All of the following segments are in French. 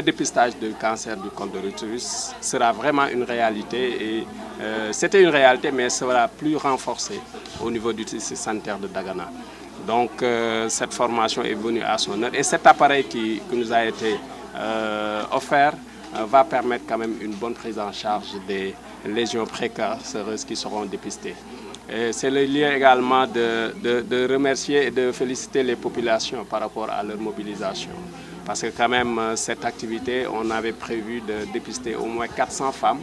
le dépistage du cancer du col de l'utérus sera vraiment une réalité et euh, c'était une réalité mais sera plus renforcée au niveau du centre sanitaire de Dagana. Donc euh, cette formation est venue à son heure et cet appareil qui, nous a été euh, offert va permettre quand même une bonne prise en charge des légions précancéreuses qui seront dépistées. C'est le lieu également de remercier et de féliciter les populations par rapport à leur mobilisation. Parce que quand même, euh, cette activité, on avait prévu de dépister au moins 400 femmes.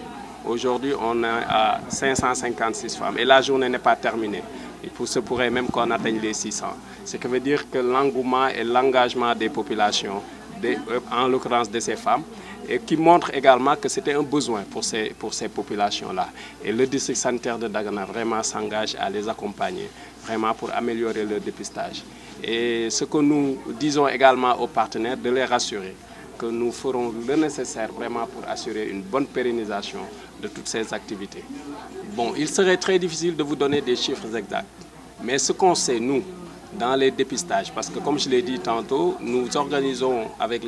Aujourd'hui, on est à 556 femmes et la journée n'est pas terminée. Il se pourrait même qu'on atteigne les 600. Ce qui veut dire que l'engouement et l'engagement des populations, euh, en l'occurrence de ces femmes, et qui montrent également que c'était un besoin pour ces, pour ces populations-là. Et le district sanitaire de Dagana vraiment s'engage à les accompagner, vraiment pour améliorer le dépistage. Et ce que nous disons également aux partenaires, de les rassurer que nous ferons le nécessaire vraiment pour assurer une bonne pérennisation de toutes ces activités. Bon, il serait très difficile de vous donner des chiffres exacts, mais ce qu'on sait, nous, dans les dépistages, parce que comme je l'ai dit tantôt, nous organisons avec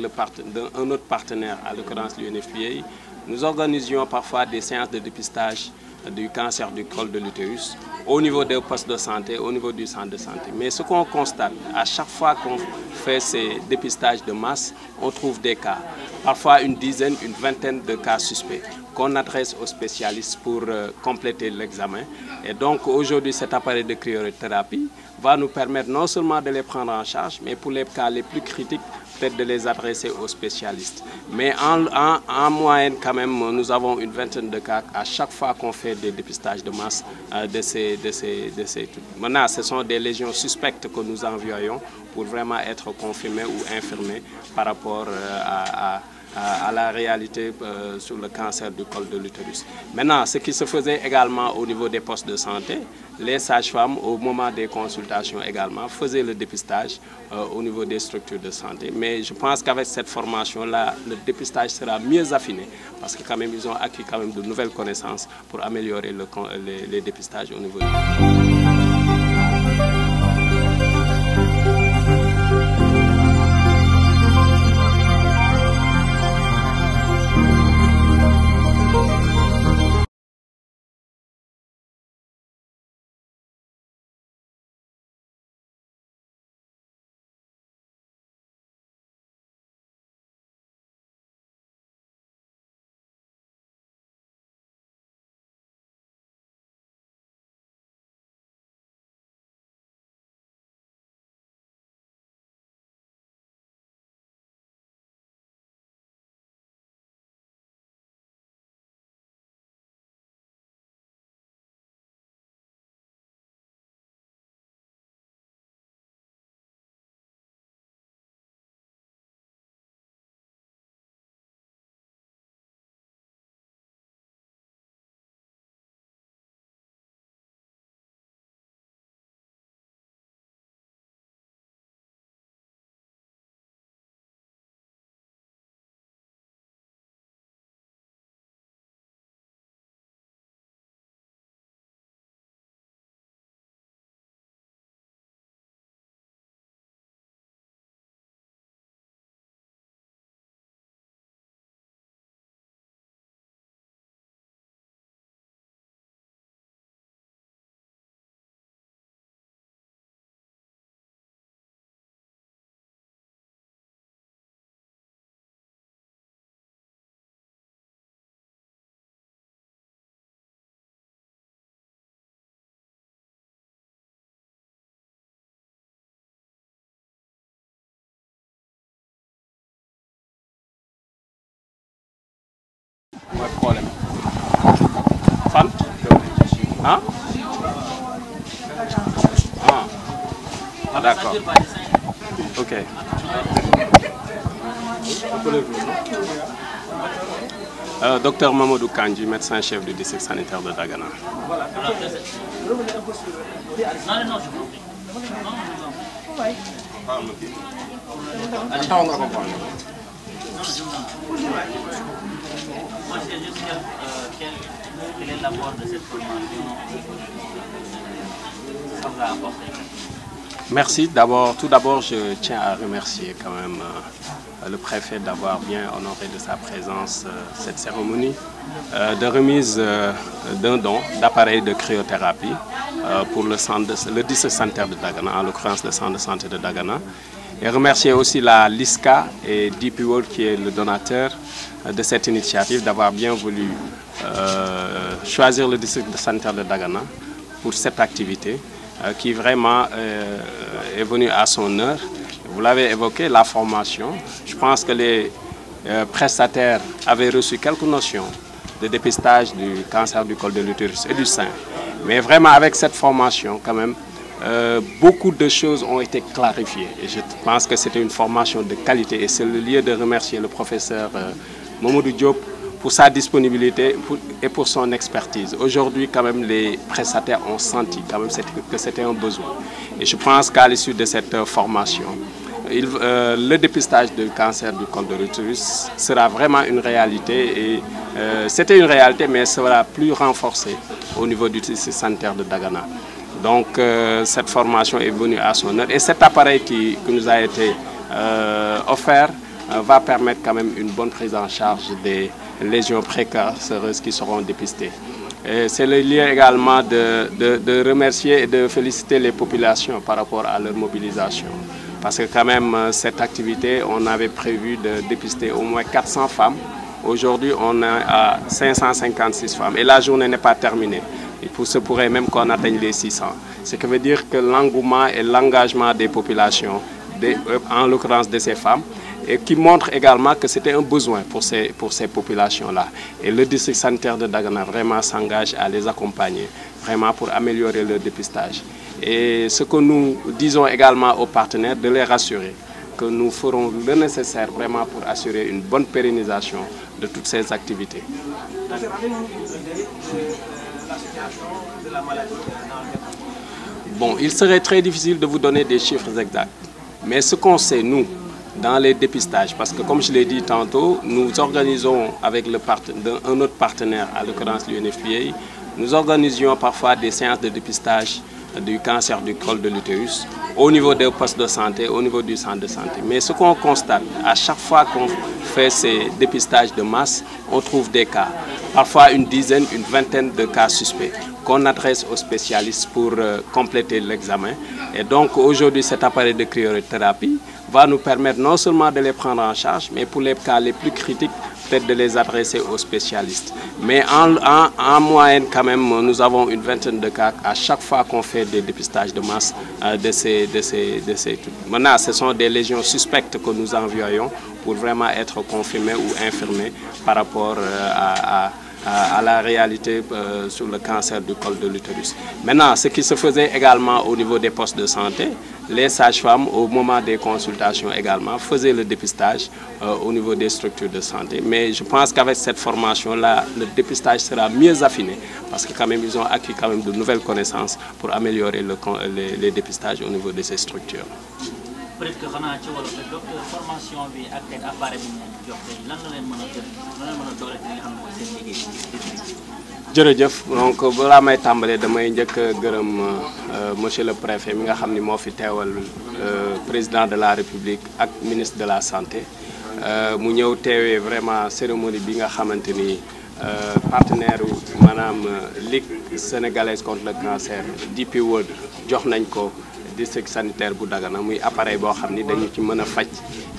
un autre partenaire, à l'occurrence l'UNFPA, nous organisions parfois des séances de dépistage du cancer du col de l'utérus, au niveau des postes de santé, au niveau du centre de santé. Mais ce qu'on constate, à chaque fois qu'on fait ces dépistages de masse, on trouve des cas, parfois une dizaine, une vingtaine de cas suspects qu'on adresse aux spécialistes pour euh, compléter l'examen. Et donc aujourd'hui, cet appareil de cryothérapie va nous permettre non seulement de les prendre en charge, mais pour les cas les plus critiques, peut-être de les adresser aux spécialistes. Mais en, en, moyenne, quand même, nous avons une vingtaine de cas à chaque fois qu'on fait des dépistages de masse euh, de, ces, de, ces, de ces... Maintenant, ce sont des légions suspectes que nous envoyons pour vraiment être confirmées ou infirmées par rapport euh, à à la réalité euh, sur le cancer du col de l'utérus. Maintenant, ce qui se faisait également au niveau des postes de santé, les sages-femmes, au moment des consultations également, faisaient le dépistage euh, au niveau des structures de santé. Mais je pense qu'avec cette formation-là, le dépistage sera mieux affiné parce que quand même, ils ont acquis quand même de nouvelles connaissances pour améliorer le, les, dépistages au niveau mooy problème fan hein? ah ah d'accord ok. Euh, docteur Mamadou Kanji, médecin chef du district sanitaire de Dagana. Voilà. Merci. D'abord, tout d'abord, je tiens à remercier quand même euh, le préfet d'avoir bien honoré de sa présence euh, cette cérémonie euh, de remise d'un don d'appareil de cryothérapie pour le, centre le district sanitaire de Dagana, en l'occurrence le centre de santé de Dagana. Et remercier aussi la LISCA et Deep World qui est le donateur de cette initiative d'avoir bien voulu euh, choisir le district sanitaire de Dagana pour cette activité euh, qui vraiment euh, est venue à son heure. Vous l'avez évoqué, la formation. Je pense que les prestataires avaient reçu quelques notions de dépistage du cancer du col de l'utérus et du sein. Mais vraiment avec cette formation quand même, beaucoup de choses ont été clarifiées. Et je pense que c'était une formation de qualité et c'est le lieu de remercier le professeur du Diop pour sa disponibilité et pour son expertise. Aujourd'hui, quand même, les prestataires ont senti quand même que c'était un besoin. Et je pense qu'à l'issue de cette euh, formation, euh, le dépistage du cancer du col de l'utérus sera vraiment une réalité. et euh, C'était une réalité, mais sera plus renforcée au niveau du système sanitaire de Dagana. Donc cette formation est venue à son heure et cet appareil qui nous a été offert euh, va permettre quand même une bonne prise en charge des lésions précaires qui seront dépistées. C'est le lien également de, remercier et de féliciter les populations par rapport à leur mobilisation. Parce que quand même, euh, cette activité, on avait prévu de dépister au moins 400 femmes. Aujourd'hui, on a 556 femmes et la journée n'est pas terminée. Il se pourrait même qu'on atteigne les 600. Ce qui veut dire que l'engouement et l'engagement des populations, euh, en l'occurrence de ces femmes, et qui montre également que c'était un besoin pour ces, pour ces populations-là. Et le district sanitaire de Dagana vraiment s'engage à les accompagner, vraiment pour améliorer le dépistage. Et ce que nous disons également aux partenaires, de les rassurer que nous ferons le nécessaire vraiment pour assurer une bonne pérennisation de toutes ces activités. Bon, il serait très difficile de vous donner des chiffres exacts. Mais ce qu'on sait, nous, dans les dépistages. Parce que comme je l'ai dit tantôt, nous organisons avec un autre partenaire, à l'occurrence l'UNFPA, nous organisons parfois des séances de dépistage du cancer du col de l'utérus au niveau des postes de santé, au niveau du centre de santé. Mais ce qu'on constate, à chaque fois qu'on fait ces dépistages de masse, on trouve des cas, parfois une dizaine, une vingtaine de cas suspects qu'on adresse aux spécialistes pour euh, compléter l'examen. Et donc aujourd'hui, cet appareil de cryothérapie va nous permettre non seulement de les prendre en charge, mais pour les cas les plus critiques, peut-être de les adresser aux spécialistes. Mais en, moyenne, quand même, nous avons une vingtaine de cas à chaque fois qu'on fait des dépistages de masse euh, de, ces, de, Maintenant, ce sont des légions suspectes que nous envoyons pour vraiment être confirmées ou infirmées par rapport euh, à à la réalité euh, sur le cancer du col de l'utérus. Maintenant, ce qui se faisait également au niveau des postes de santé, les sages-femmes, au moment des consultations également, faisaient le dépistage euh, au niveau des structures de santé. Mais je pense qu'avec cette formation-là, le dépistage sera mieux affiné parce qu'ils ont acquis quand même de nouvelles connaissances pour améliorer le, les, les dépistages au niveau de ces structures peut-être que ci wolof de docteur formation bi ak tey appareil bi ñu leen jox tey lan la leen mëna a jël lan la mën a doole ci nga xam mooy seen liggéey jërëjëf donc balaa may tàmbalee damay njëkk a gërëm euh, monsieur le préfet mi nga xam ni moo fi teewal euh, président de la république ak ministre de la santé euh, mu ñëw teewee vraiment cérémonie bi nga xamante ni partenaire maanaam Ligue sénégalaise contre le cancer DP World jox nañ ko. district sanitaire bu Dagana muy appareil boo xam ni dañu ci mën a faj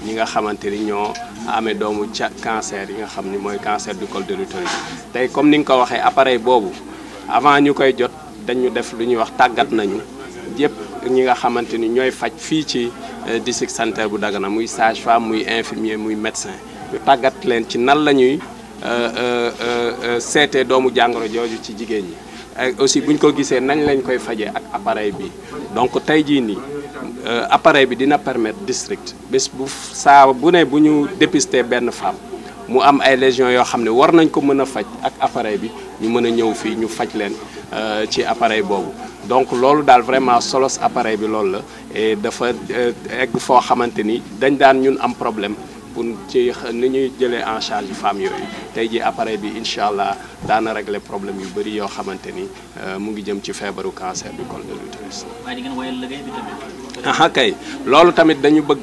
ñi nga xamante ni ñoo amee doomu ca cancer yi nga xam ni mooy cancer du col de l'utérus tey comme ni nga ko waxee appareil boobu avant ñu koy jot dañu def lu ñuy wax tàggat nañu yëpp ñi nga xamante ni ñooy faj fii ci euh, district sanitaire bu Dagana muy sage-femme muy infirmier muy médecin ñu tàggat leen ci nan la ñuy euh, euh, seetee doomu jàngoro jooju ci jigéen ñi aussi buñ ko gisee nañ lañ koy fajee ak appareil bi donc tey ni nii euh, appareil bi dina permettre district bés bu sa bu né buñu dépister ben femme mu am ay lésions yo xamné war nañ ko mëna a faj ak appareil bi ñu mëna ñëw fi ñu faj leen euh, ci appareil bobu donc lolu dal vraiment solos appareil bi lolu la et dafa euh, egg fo xamanteni dañ daan ñun am problème pour ci ni ñuy jëlee en charge femmes yooyu tey ji appareil bi incha allah daana régler problème yu bëri yoo xamante ni euh, mu ngi jëm ci feebaru cancer du col de l'utérus. kay loolu tamit dañu bëgg.